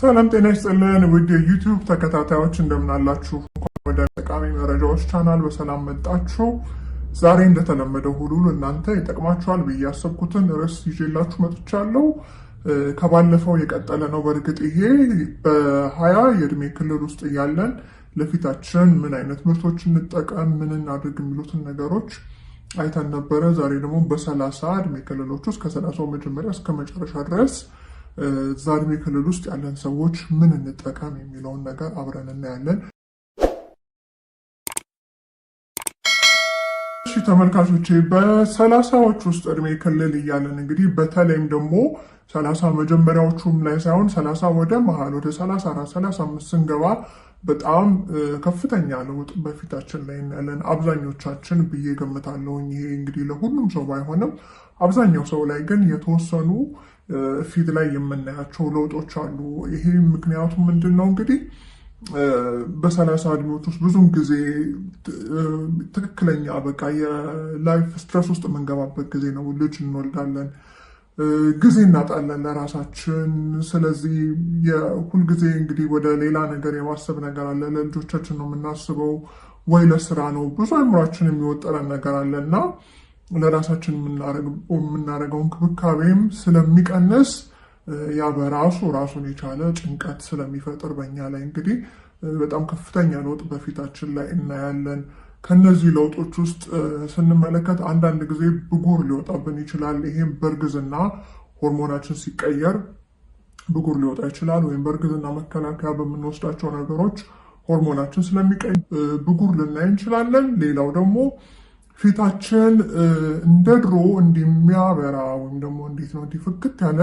ሰላም ጤና ይስጥልን ውድ የዩቲዩብ ተከታታዮች እንደምናላችሁ፣ ወደ ጠቃሚ መረጃዎች ቻናል በሰላም መጣችሁ። ዛሬ እንደተለመደው ሁሉ እናንተ ይጠቅማችኋል ብዬ ያሰብኩትን ርዕስ ይዤላችሁ መጥቻለሁ። ከባለፈው የቀጠለ ነው። በእርግጥ ይሄ በሀያ የእድሜ ክልል ውስጥ እያለን ለፊታችን ምን አይነት ምርቶች እንጠቀም፣ ምን እናድርግ የሚሉትን ነገሮች አይተን ነበረ። ዛሬ ደግሞ በሰላሳ እድሜ ክልሎች ውስጥ ከሰላሳው መጀመሪያ እስከ መጨረሻ ድረስ እዛ እድሜ ክልል ውስጥ ያለን ሰዎች ምን እንጠቀም የሚለውን ነገር አብረን እናያለን። እሺ ተመልካቾቼ በሰላሳዎች ውስጥ እድሜ ክልል እያለን እንግዲህ በተለይም ደግሞ ሰላሳ መጀመሪያዎቹም ላይ ሳይሆን ሰላሳ ወደ መሀል ወደ ሰላሳ አራት ሰላሳ አምስት ስንገባ በጣም ከፍተኛ ለውጥ በፊታችን ላይ እናያለን። አብዛኞቻችን ብዬ ገምታለሁ ይሄ እንግዲህ ለሁሉም ሰው ባይሆንም አብዛኛው ሰው ላይ ግን የተወሰኑ ፊት ላይ የምናያቸው ለውጦች አሉ። ይሄ ምክንያቱ ምንድን ነው እንግዲህ በሰላሳ እድሜዎች ውስጥ ብዙም ጊዜ ትክክለኛ በቃ የላይፍ ስትረስ ውስጥ የምንገባበት ጊዜ ነው። ልጅ እንወልዳለን፣ ጊዜ እናጣለን ለራሳችን። ስለዚህ ሁልጊዜ እንግዲህ ወደ ሌላ ነገር የማሰብ ነገር አለ። ለልጆቻችን ነው የምናስበው ወይ ለስራ ነው። ብዙ አእምሯችን የሚወጠረን ነገር አለ እና ለራሳችን የምናደርገው እንክብካቤም ስለሚቀንስ ያ በራሱ ራሱን የቻለ ጭንቀት ስለሚፈጥር በእኛ ላይ እንግዲህ በጣም ከፍተኛ ለውጥ በፊታችን ላይ እናያለን። ከነዚህ ለውጦች ውስጥ ስንመለከት አንዳንድ ጊዜ ብጉር ሊወጣብን ይችላል። ይሄም በእርግዝና ሆርሞናችን ሲቀየር ብጉር ሊወጣ ይችላል። ወይም በእርግዝና መከላከያ በምንወስዳቸው ነገሮች ሆርሞናችን ስለሚቀየር ብጉር ልናይ እንችላለን። ሌላው ደግሞ ፊታችን እንደ ድሮ እንደሚያበራ ወይም ደግሞ እንዴት ነው እንዲፍክት ያለ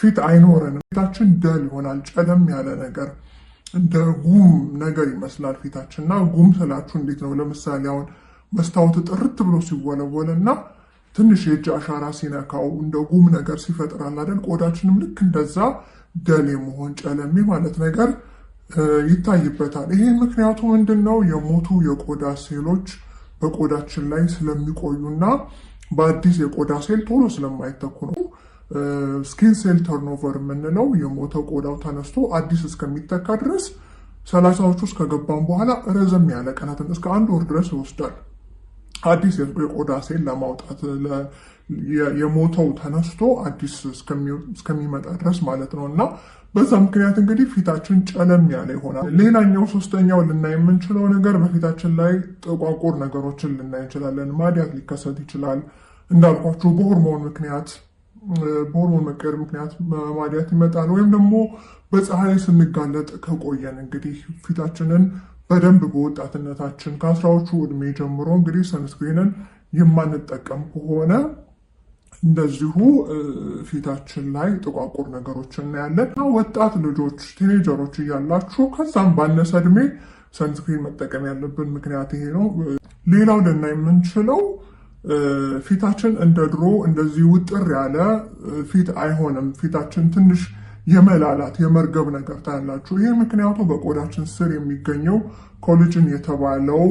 ፊት አይኖረንም። ፊታችን ደል ይሆናል። ጨለም ያለ ነገር እንደ ጉም ነገር ይመስላል ፊታችን እና ጉም ስላችሁ እንዴት ነው? ለምሳሌ አሁን መስታወት ጥርት ብሎ ሲወለወለ እና ትንሽ የእጅ አሻራ ሲነካው እንደ ጉም ነገር ሲፈጥራል አይደል? ቆዳችንም ልክ እንደዛ ደል የመሆን ጨለሜ ማለት ነገር ይታይበታል። ይሄ ምክንያቱ ምንድን ነው? የሞቱ የቆዳ ሴሎች በቆዳችን ላይ ስለሚቆዩና በአዲስ የቆዳ ሴል ቶሎ ስለማይተኩ ነው። ስኪን ሴል ተርኖቨር የምንለው የሞተ ቆዳው ተነስቶ አዲስ እስከሚተካ ድረስ ሰላሳዎቹ ውስጥ ከገባም በኋላ ረዘም ያለ ቀናትን እስከ አንድ ወር ድረስ ይወስዳል። አዲስ የቆዳ ሴል ለማውጣት የሞተው ተነስቶ አዲስ እስከሚመጣ ድረስ ማለት ነው እና በዛ ምክንያት እንግዲህ ፊታችን ጨለም ያለ ይሆናል። ሌላኛው ሶስተኛው ልናይ የምንችለው ነገር በፊታችን ላይ ጥቋቁር ነገሮችን ልናይ እንችላለን። ማዲያት ሊከሰት ይችላል። እንዳልኳችሁ በሆርሞን ምክንያት በሆርሞን መቀየር ምክንያት ማዲያት ይመጣል። ወይም ደግሞ በፀሐይ ስንጋለጥ ከቆየን እንግዲህ ፊታችንን በደንብ በወጣትነታችን ከአስራዎቹ እድሜ ጀምሮ እንግዲህ ሰንስክሪንን የማንጠቀም ከሆነ እንደዚሁ ፊታችን ላይ ጥቋቁር ነገሮች እናያለን። ወጣት ልጆች ቲኔጀሮች እያላችሁ ከዛም ባነሰ እድሜ ሰንስክሪን መጠቀም ያለብን ምክንያት ይሄ ነው። ሌላው ልናይ የምንችለው ፊታችን እንደ ድሮ እንደዚህ ውጥር ያለ ፊት አይሆንም። ፊታችን ትንሽ የመላላት የመርገብ ነገር ታያላችሁ። ይህ ምክንያቱ በቆዳችን ስር የሚገኘው ኮሌጅን የተባለው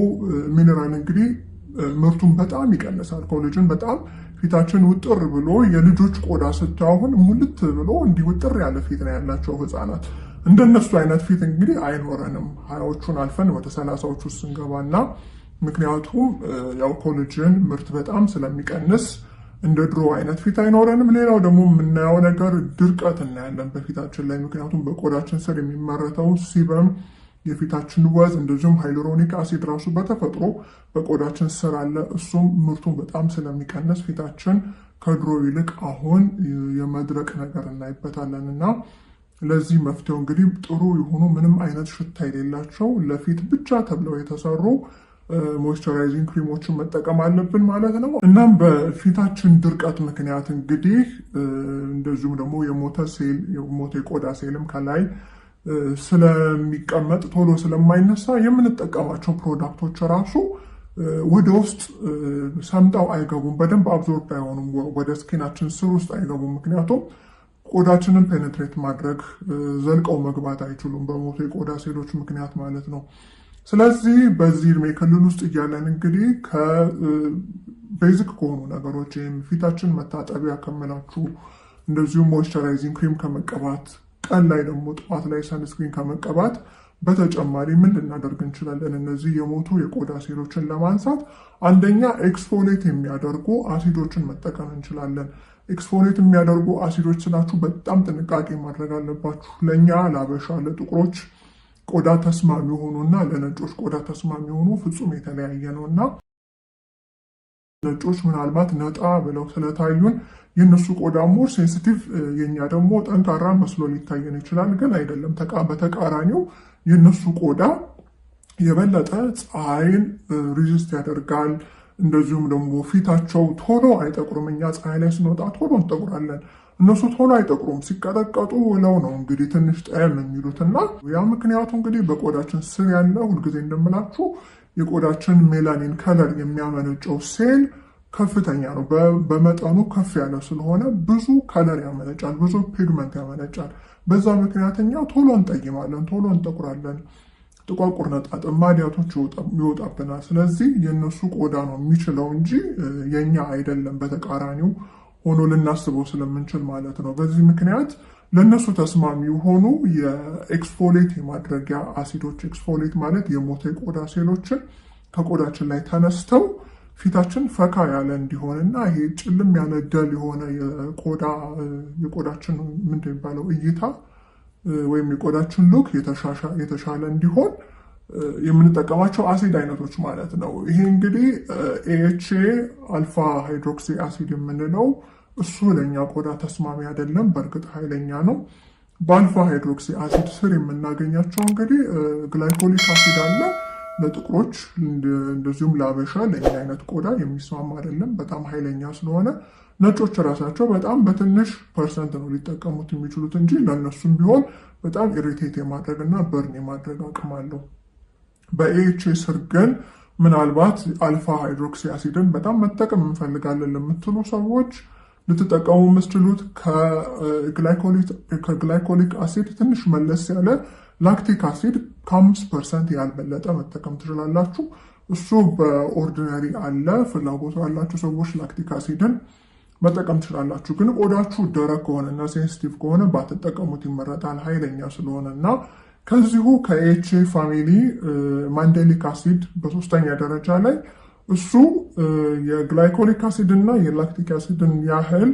ሚኔራል እንግዲህ ምርቱን በጣም ይቀንሳል። ኮሌጅን በጣም ፊታችን ውጥር ብሎ የልጆች ቆዳ ስታሁን ሙልት ብሎ እንዲህ ውጥር ያለ ፊት ነው ያላቸው ህፃናት። እንደነሱ አይነት ፊት እንግዲህ አይኖረንም። ሀያዎቹን አልፈን ወደ ሰላሳዎቹ ስንገባና ምክንያቱም ያው ኮሌጅን ምርት በጣም ስለሚቀንስ እንደ ድሮ አይነት ፊት አይኖረንም። ሌላው ደግሞ የምናየው ነገር ድርቀት እናያለን በፊታችን ላይ ምክንያቱም በቆዳችን ስር የሚመረተው ሲበም የፊታችን ወዝ እንደዚሁም ሃይሎሮኒክ አሲድ ራሱ በተፈጥሮ በቆዳችን ስር አለ። እሱም ምርቱን በጣም ስለሚቀንስ ፊታችን ከድሮ ይልቅ አሁን የመድረቅ ነገር እናይበታለን እና ለዚህ መፍትሄው እንግዲህ ጥሩ የሆኑ ምንም አይነት ሽታ የሌላቸው ለፊት ብቻ ተብለው የተሰሩ ሞይስቸራይዚንግ ክሪሞችን መጠቀም አለብን ማለት ነው። እናም በፊታችን ድርቀት ምክንያት እንግዲህ እንደዚሁም ደግሞ የሞተ ሴል የሞተ የቆዳ ሴልም ከላይ ስለሚቀመጥ ቶሎ ስለማይነሳ የምንጠቀማቸው ፕሮዳክቶች ራሱ ወደ ውስጥ ሰምጠው አይገቡም። በደንብ አብዞርብ አይሆኑም፣ ወደ ስኪናችን ስር ውስጥ አይገቡም። ምክንያቱም ቆዳችንን ፔኔትሬት ማድረግ ዘልቀው መግባት አይችሉም፣ በሞተ የቆዳ ሴሎች ምክንያት ማለት ነው። ስለዚህ በዚህ እድሜ ክልል ውስጥ እያለን እንግዲህ ከቤዚክ ከሆኑ ነገሮች ወይም ፊታችን መታጠቢያ ከምላችሁ እንደዚሁም ሞይስቸራይዚንግ ክሪም ከመቀባት ቀን ላይ ደግሞ ጠዋት ላይ ሰንስክሪን ከመቀባት በተጨማሪ ምን ልናደርግ እንችላለን? እነዚህ የሞቱ የቆዳ ሴሎችን ለማንሳት አንደኛ ኤክስፎሌት የሚያደርጉ አሲዶችን መጠቀም እንችላለን። ኤክስፎሌት የሚያደርጉ አሲዶች ስላችሁ በጣም ጥንቃቄ ማድረግ አለባችሁ። ለእኛ ለአበሻ ለጥቁሮች ቆዳ ተስማሚ የሆኑና ለነጮች ቆዳ ተስማሚ የሆኑ ፍጹም የተለያየ ነው እና ነጮች ምናልባት ነጣ ብለው ስለታዩን የእነሱ ቆዳ ሞር ሴንስቲቭ የኛ ደግሞ ጠንካራ መስሎ ሊታየን ይችላል። ግን አይደለም። በተቃራኒው የእነሱ ቆዳ የበለጠ ፀሐይን ሪዚስት ያደርጋል። እንደዚሁም ደግሞ ፊታቸው ቶሎ አይጠቁርም። እኛ ፀሐይ ላይ ስንወጣ ቶሎ እንጠቁራለን። እነሱ ቶሎ አይጠቁሩም። ሲቀጠቀጡ ውለው ነው እንግዲህ ትንሽ ጠየል ነው የሚሉት እና ያ ምክንያቱ እንግዲህ በቆዳችን ስር ያለ ሁልጊዜ እንደምላችሁ የቆዳችን ሜላኒን ከለር የሚያመነጨው ሴል ከፍተኛ ነው። በመጠኑ ከፍ ያለ ስለሆነ ብዙ ከለር ያመነጫል፣ ብዙ ፒግመንት ያመነጫል። በዛ ምክንያት እኛ ቶሎ እንጠይማለን፣ ቶሎ እንጠቁራለን። ጥቋቁር ነጣጥ ማዲያቶች ይወጣብናል። ስለዚህ የእነሱ ቆዳ ነው የሚችለው እንጂ የእኛ አይደለም። በተቃራኒው ሆኖ ልናስበው ስለምንችል ማለት ነው። በዚህ ምክንያት ለእነሱ ተስማሚ የሆኑ የኤክስፎሌት የማድረጊያ አሲዶች ኤክስፎሌት ማለት የሞተ የቆዳ ሴሎችን ከቆዳችን ላይ ተነስተው ፊታችን ፈካ ያለ እንዲሆንና ይሄ ጭልም ያለ ደል የሆነ የቆዳችን ምንድን የሚባለው እይታ ወይም የቆዳችን ሉክ የተሻለ እንዲሆን የምንጠቀማቸው አሲድ አይነቶች ማለት ነው። ይሄ እንግዲህ ኤኤችኤ አልፋ ሃይድሮክሲ አሲድ የምንለው እሱ ለእኛ ቆዳ ተስማሚ አይደለም። በእርግጥ ኃይለኛ ነው። በአልፋ ሃይድሮክሲ አሲድ ስር የምናገኛቸው እንግዲህ ግላይኮሊክ አሲድ አለ። ለጥቁሮች እንደዚሁም ለአበሻ ለእኛ አይነት ቆዳ የሚስማማ አይደለም፣ በጣም ኃይለኛ ስለሆነ ነጮች ራሳቸው በጣም በትንሽ ፐርሰንት ነው ሊጠቀሙት የሚችሉት እንጂ ለእነሱም ቢሆን በጣም ኢሪቴት የማድረግ እና በርን የማድረግ አቅም አለው። ስር ግን ምናልባት አልፋ ሃይድሮክሲ አሲድን በጣም መጠቀም እንፈልጋለን ለምትሉ ሰዎች ልትጠቀሙ የምትችሉት ከግላይኮሊክ አሲድ ትንሽ መለስ ያለ ላክቲክ አሲድ ከአምስት ፐርሰንት ያልበለጠ መጠቀም ትችላላችሁ። እሱ በኦርዲነሪ አለ። ፍላጎቱ ያላቸው ሰዎች ላክቲክ አሲድን መጠቀም ትችላላችሁ። ግን ቆዳችሁ ደረቅ ከሆነና ሴንሲቲቭ ከሆነ ባትጠቀሙት ይመረጣል። ኃይለኛ ስለሆነ እና ከዚሁ ከኤችኤ ፋሚሊ ማንዴሊክ አሲድ በሶስተኛ ደረጃ ላይ እሱ የግላይኮሊክ አሲድ እና የላክቲክ አሲድን ያህል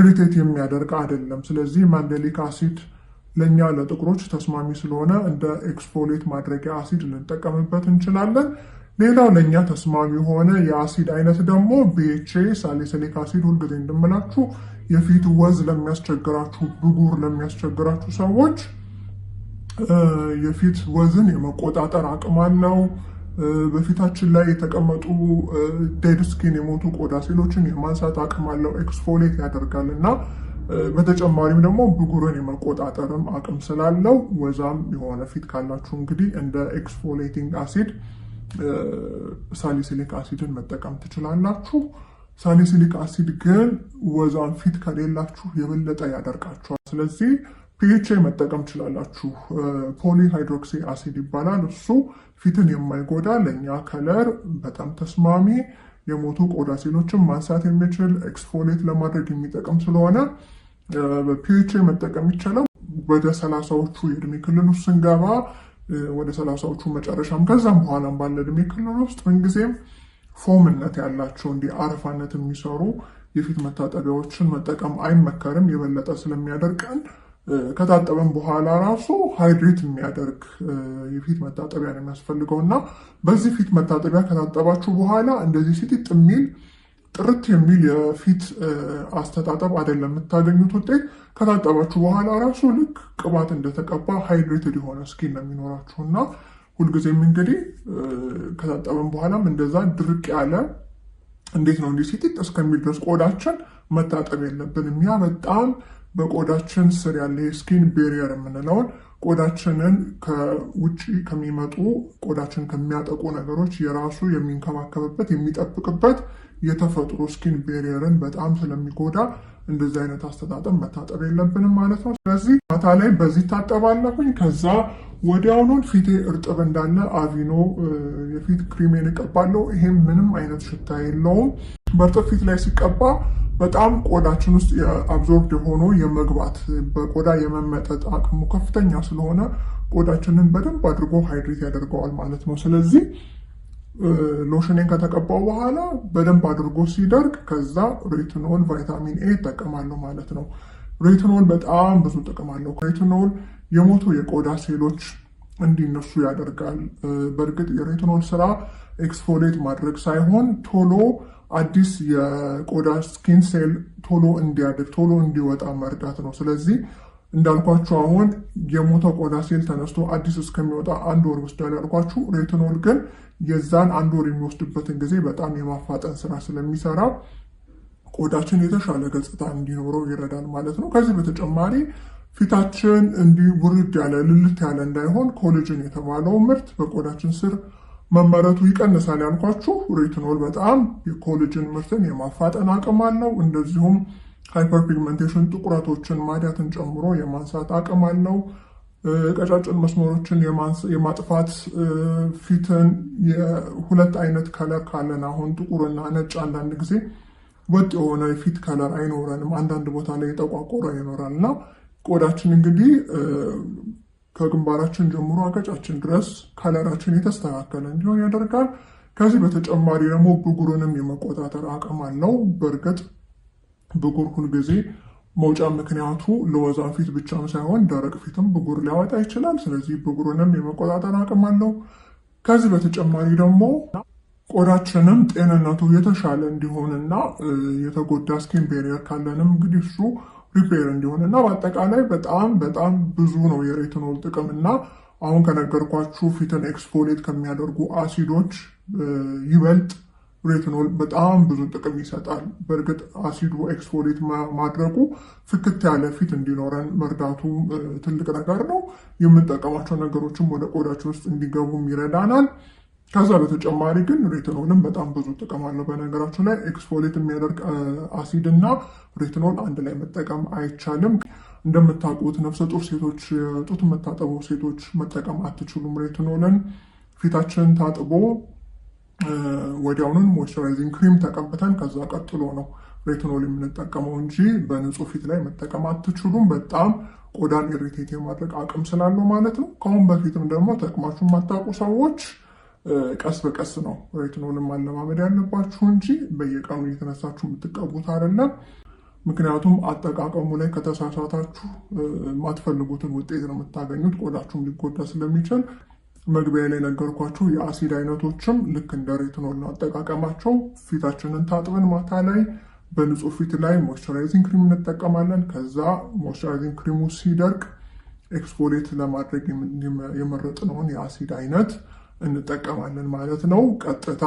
ኢሪቴት የሚያደርግ አይደለም። ስለዚህ ማንዴሊክ አሲድ ለእኛ ለጥቁሮች ተስማሚ ስለሆነ እንደ ኤክስፖሌት ማድረጊያ አሲድ ልንጠቀምበት እንችላለን። ሌላው ለእኛ ተስማሚ የሆነ የአሲድ አይነት ደግሞ ቢኤችኤ ሳሊሲሊክ አሲድ፣ ሁልጊዜ እንደምላችሁ የፊት ወዝ ለሚያስቸግራችሁ፣ ብጉር ለሚያስቸግራችሁ ሰዎች የፊት ወዝን የመቆጣጠር አቅም አለው። በፊታችን ላይ የተቀመጡ ዴድ ስኪን የሞቱ ቆዳ ሴሎችን የማንሳት አቅም አለው። ኤክስፎሌት ያደርጋል እና በተጨማሪም ደግሞ ብጉርን የመቆጣጠርም አቅም ስላለው ወዛም የሆነ ፊት ካላችሁ እንግዲህ እንደ ኤክስፎሌቲንግ አሲድ ሳሊሲሊክ አሲድን መጠቀም ትችላላችሁ። ሳሊሲሊክ አሲድ ግን ወዛም ፊት ከሌላችሁ የበለጠ ያደርቃችኋል። ስለዚህ ፒኤችአይ መጠቀም ትችላላችሁ። ሃይድሮክሲ አሲድ ይባላል። እሱ ፊትን የማይጎዳ ለእኛ ከለር በጣም ተስማሚ የሞቱ ቆዳ ሴሎችን ማንሳት የሚችል ኤክስፎሌት ለማድረግ የሚጠቅም ስለሆነ በፒኤችአይ መጠቀም ይቻላል። ወደ ሰላሳዎቹ የእድሜ ክልል ውስጥ ስንገባ ወደ ሰላሳዎቹ መጨረሻም ከዛም በኋላም ባለ እድሜ ክልል ውስጥ ምንጊዜም ፎምነት ያላቸው እንዲህ አረፋነት የሚሰሩ የፊት መታጠቢያዎችን መጠቀም አይመከርም የበለጠ ስለሚያደርቀን ከታጠበም በኋላ ራሱ ሃይድሬት የሚያደርግ የፊት መታጠቢያ ነው የሚያስፈልገው እና በዚህ ፊት መታጠቢያ ከታጠባችሁ በኋላ እንደዚህ ሲጢጥ የሚል ጥርት የሚል የፊት አስተጣጠብ አይደለም የምታገኙት ውጤት። ከታጠባችሁ በኋላ ራሱ ልክ ቅባት እንደተቀባ ሃይድሬትድ የሆነ ስኪን ነው የሚኖራችሁ እና ሁልጊዜም እንግዲህ ከታጠብን በኋላም እንደዛ ድርቅ ያለ እንዴት ነው እንዲህ ሲጢጥ እስከሚል ድረስ ቆዳችን መታጠብ የለብንም። ያ በጣም በቆዳችን ስር ያለ የስኪን ቤሪየር የምንለውን ቆዳችንን ከውጭ ከሚመጡ ቆዳችን ከሚያጠቁ ነገሮች የራሱ የሚንከባከብበት የሚጠብቅበት የተፈጥሮ ስኪን ቤሪየርን በጣም ስለሚጎዳ እንደዚህ አይነት አስተጣጠም መታጠብ የለብንም ማለት ነው። ስለዚህ ማታ ላይ በዚህ ታጠባለሁኝ። ከዛ ወዲያውኑን ፊቴ እርጥብ እንዳለ አቪኖ የፊት ክሪሜን እቀባለሁ። ይሄም ምንም አይነት ሽታ የለውም። በእርጥብ ፊት ላይ ሲቀባ በጣም ቆዳችን ውስጥ አብዞርድ የሆኖ የመግባት በቆዳ የመመጠጥ አቅሙ ከፍተኛ ስለሆነ ቆዳችንን በደንብ አድርጎ ሃይድሬት ያደርገዋል ማለት ነው። ስለዚህ ሎሽኔን ከተቀባው በኋላ በደንብ አድርጎ ሲደርግ ከዛ ሬትኖን ቫይታሚን ኤ ይጠቀማለሁ ማለት ነው። ሬትኖል በጣም ብዙ ጥቅም አለው። ሬትኖል የሞቱ የቆዳ ሴሎች እንዲነሱ ያደርጋል። በእርግጥ የሬትኖል ስራ ኤክስፎሌት ማድረግ ሳይሆን ቶሎ አዲስ የቆዳ ስኪን ሴል ቶሎ እንዲያድግ ቶሎ እንዲወጣ መርዳት ነው። ስለዚህ እንዳልኳችሁ አሁን የሞተ ቆዳ ሴል ተነስቶ አዲስ እስከሚወጣ አንድ ወር ይወስዳል ያልኳችሁ፣ ሬትኖል ግን የዛን አንድ ወር የሚወስድበትን ጊዜ በጣም የማፋጠን ስራ ስለሚሰራ ቆዳችን የተሻለ ገጽታ እንዲኖረው ይረዳል ማለት ነው። ከዚህ በተጨማሪ ፊታችን እንዲህ ውርድ ያለ ልልት ያለ እንዳይሆን ኮሌጅን የተባለው ምርት በቆዳችን ስር መመረቱ ይቀንሳል። ያልኳችሁ ሬትኖል በጣም የኮሌጅን ምርትን የማፋጠን አቅም አለው። እንደዚሁም ሃይፐርፒግመንቴሽን ጥቁረቶችን ማዲያትን ጨምሮ የማንሳት አቅም አለው። ቀጫጭን መስመሮችን የማጥፋት ፊትን የሁለት አይነት ከለር ካለን አሁን ጥቁርና ነጭ አንዳንድ ጊዜ ወጥ የሆነ የፊት ከለር አይኖረንም። አንዳንድ ቦታ ላይ የጠቋቆረ ይኖራል እና ቆዳችን እንግዲህ ከግንባራችን ጀምሮ አገጫችን ድረስ ከለራችን የተስተካከለ እንዲሆን ያደርጋል። ከዚህ በተጨማሪ ደግሞ ብጉርንም የመቆጣጠር አቅም አለው። በእርግጥ ብጉር ሁልጊዜ መውጫ ምክንያቱ ለወዛ ፊት ብቻም ሳይሆን ደረቅ ፊትም ብጉር ሊያወጣ ይችላል። ስለዚህ ብጉርንም የመቆጣጠር አቅም አለው። ከዚህ በተጨማሪ ደግሞ ቆዳችንም ጤንነቱ የተሻለ እንዲሆንና የተጎዳ ስኪን ቤሪየር ካለንም እንግዲህ እሱ ሪፔር እንዲሆንና በአጠቃላይ በጣም በጣም ብዙ ነው የሬትኖል ጥቅም እና አሁን ከነገርኳችሁ ፊትን ኤክስፖሌት ከሚያደርጉ አሲዶች ይበልጥ ሬትኖል በጣም ብዙ ጥቅም ይሰጣል። በእርግጥ አሲዱ ኤክስፎሌት ማድረጉ ፍክት ያለ ፊት እንዲኖረን መርዳቱ ትልቅ ነገር ነው። የምንጠቀማቸው ነገሮችም ወደ ቆዳችን ውስጥ እንዲገቡም ይረዳናል። ከዛ በተጨማሪ ግን ሬትኖልን በጣም ብዙ ጥቅም አለው። በነገራችን ላይ ኤክስፎሌት የሚያደርግ አሲድ እና ሬትኖል አንድ ላይ መጠቀም አይቻልም። እንደምታውቁት ነፍሰ ጡር ሴቶች፣ ጡት የምታጠቡ ሴቶች መጠቀም አትችሉም ሬትኖልን። ፊታችን ታጥቦ ወዲያውኑን ሞይስቸራይዚንግ ክሪም ተቀብተን ከዛ ቀጥሎ ነው ሬትኖል የምንጠቀመው እንጂ በንጹህ ፊት ላይ መጠቀም አትችሉም። በጣም ቆዳን ኢሪቴት የማድረግ አቅም ስላለው ማለት ነው። ከአሁን በፊትም ደግሞ ተቅማችሁ የማታውቁ ሰዎች ቀስ በቀስ ነው ሬትኖልን ማለማመድ ያለባችሁ እንጂ በየቀኑ እየተነሳችሁ የምትቀቡት አይደለም። ምክንያቱም አጠቃቀሙ ላይ ከተሳሳታችሁ የማትፈልጉትን ውጤት ነው የምታገኙት። ቆዳችሁም ሊጎዳ ስለሚችል መግቢያ ላይ ነገርኳችሁ። የአሲድ አይነቶችም ልክ እንደ ሬትኖል ነው አጠቃቀማቸው። ፊታችንን ታጥበን ማታ ላይ በንጹህ ፊት ላይ ሞይስቸራይዚንግ ክሪም እንጠቀማለን። ከዛ ሞይስቸራይዚንግ ክሪሙ ሲደርቅ ኤክስፖሌት ለማድረግ የመረጥነውን የአሲድ አይነት እንጠቀማለን ማለት ነው። ቀጥታ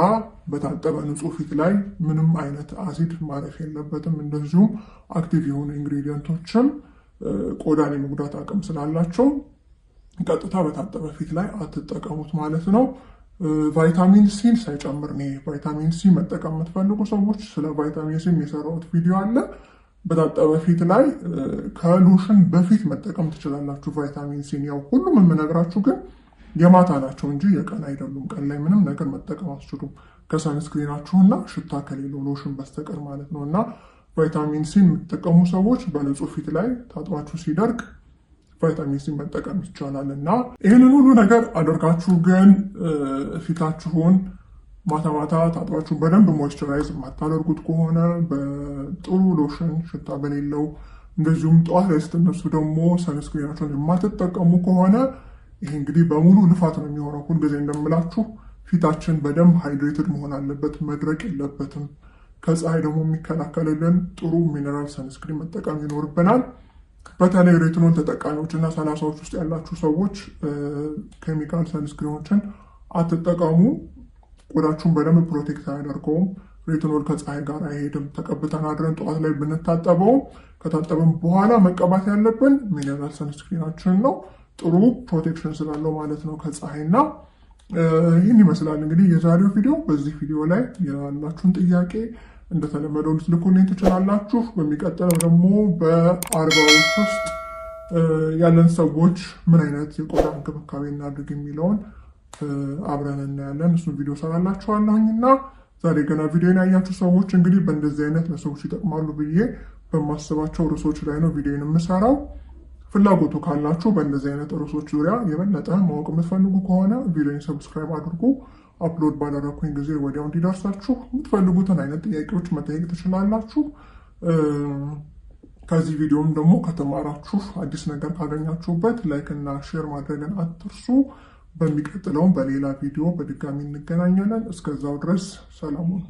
በታጠበ ንጹህ ፊት ላይ ምንም አይነት አሲድ ማረፍ የለበትም። እንደዚሁም አክቲቭ የሆኑ ኢንግሪዲየንቶችም ቆዳን የመጉዳት አቅም ስላላቸው ቀጥታ በታጠበ ፊት ላይ አትጠቀሙት ማለት ነው። ቫይታሚን ሲን ሳይጨምር ነው። ቫይታሚን ሲ መጠቀም የምትፈልጉ ሰዎች ስለ ቫይታሚን ሲ የሰራሁት ቪዲዮ አለ። በታጠበ ፊት ላይ ከሎሽን በፊት መጠቀም ትችላላችሁ ቫይታሚን ሲን። ያው ሁሉም የምነግራችሁ ግን የማታ ናቸው እንጂ የቀን አይደሉም። ቀን ላይ ምንም ነገር መጠቀም ከሰንስክሪናችሁ እና ሽታ ከሌለው ሎሽን በስተቀር ማለት ነው። እና ቫይታሚን ሲ የምትጠቀሙ ሰዎች በንጹህ ፊት ላይ ታጥባችሁ ሲደርቅ ቫይታሚን ሲ መጠቀም ይቻላል። እና ይህንን ሁሉ ነገር አድርጋችሁ ግን ፊታችሁን ማታ ማታ ታጥባችሁ በደንብ ሞይስቸራይዝ የማታደርጉት ከሆነ በጥሩ ሎሽን ሽታ በሌለው እንደዚሁም ጠዋት ላይ ስትነሱ ደግሞ ሰንስክሪናቸውን የማትጠቀሙ ከሆነ ይህ እንግዲህ በሙሉ ልፋት ነው የሚሆነው። ሁልጊዜ እንደምላችሁ ፊታችን በደንብ ሃይድሬትድ መሆን አለበት፣ መድረቅ የለበትም። ከፀሐይ ደግሞ የሚከላከልልን ጥሩ ሚነራል ሰንስክሪን መጠቀም ይኖርብናል። በተለይ ሬትኖን ተጠቃሚዎች እና ሰላሳዎች ውስጥ ያላችሁ ሰዎች ኬሚካል ሰንስክሪኖችን አትጠቀሙ። ቆዳችሁን በደንብ ፕሮቴክት አያደርገውም። ሬትኖል ከፀሐይ ጋር አይሄድም። ተቀብተን አድረን ጠዋት ላይ ብንታጠበውም ከታጠብን በኋላ መቀባት ያለብን ሚነራል ሰንስክሪናችንን ነው። ጥሩ ፕሮቴክሽን ስላለው ማለት ነው ከፀሐይና ይህን ይመስላል እንግዲህ የዛሬው ቪዲዮ። በዚህ ቪዲዮ ላይ ያላችሁን ጥያቄ እንደተለመደው ልትልኩልኝ ትችላላችሁ። በሚቀጥለው ደግሞ በአርባዎች ውስጥ ያለን ሰዎች ምን አይነት የቆዳ እንክብካቤ እናድርግ የሚለውን አብረን እናያለን። እሱን ቪዲዮ ሰራላችኋለሁኝ እና ዛሬ ገና ቪዲዮን ያያችሁ ሰዎች እንግዲህ በእንደዚህ አይነት ለሰዎች ይጠቅማሉ ብዬ በማስባቸው ርዕሶች ላይ ነው ቪዲዮን የምሰራው። ፍላጎቱ ካላችሁ በእነዚህ አይነት ርዕሶች ዙሪያ የበለጠ ማወቅ የምትፈልጉ ከሆነ ቪዲዮን ሰብስክራይብ አድርጉ። አፕሎድ ባደረኩኝ ጊዜ ወዲያው እንዲደርሳችሁ የምትፈልጉትን አይነት ጥያቄዎች መጠየቅ ትችላላችሁ። ከዚህ ቪዲዮም ደግሞ ከተማራችሁ አዲስ ነገር ካገኛችሁበት ላይክ እና ሼር ማድረግን አትርሱ። በሚቀጥለውም በሌላ ቪዲዮ በድጋሚ እንገናኛለን። እስከዛው ድረስ ሰላሙን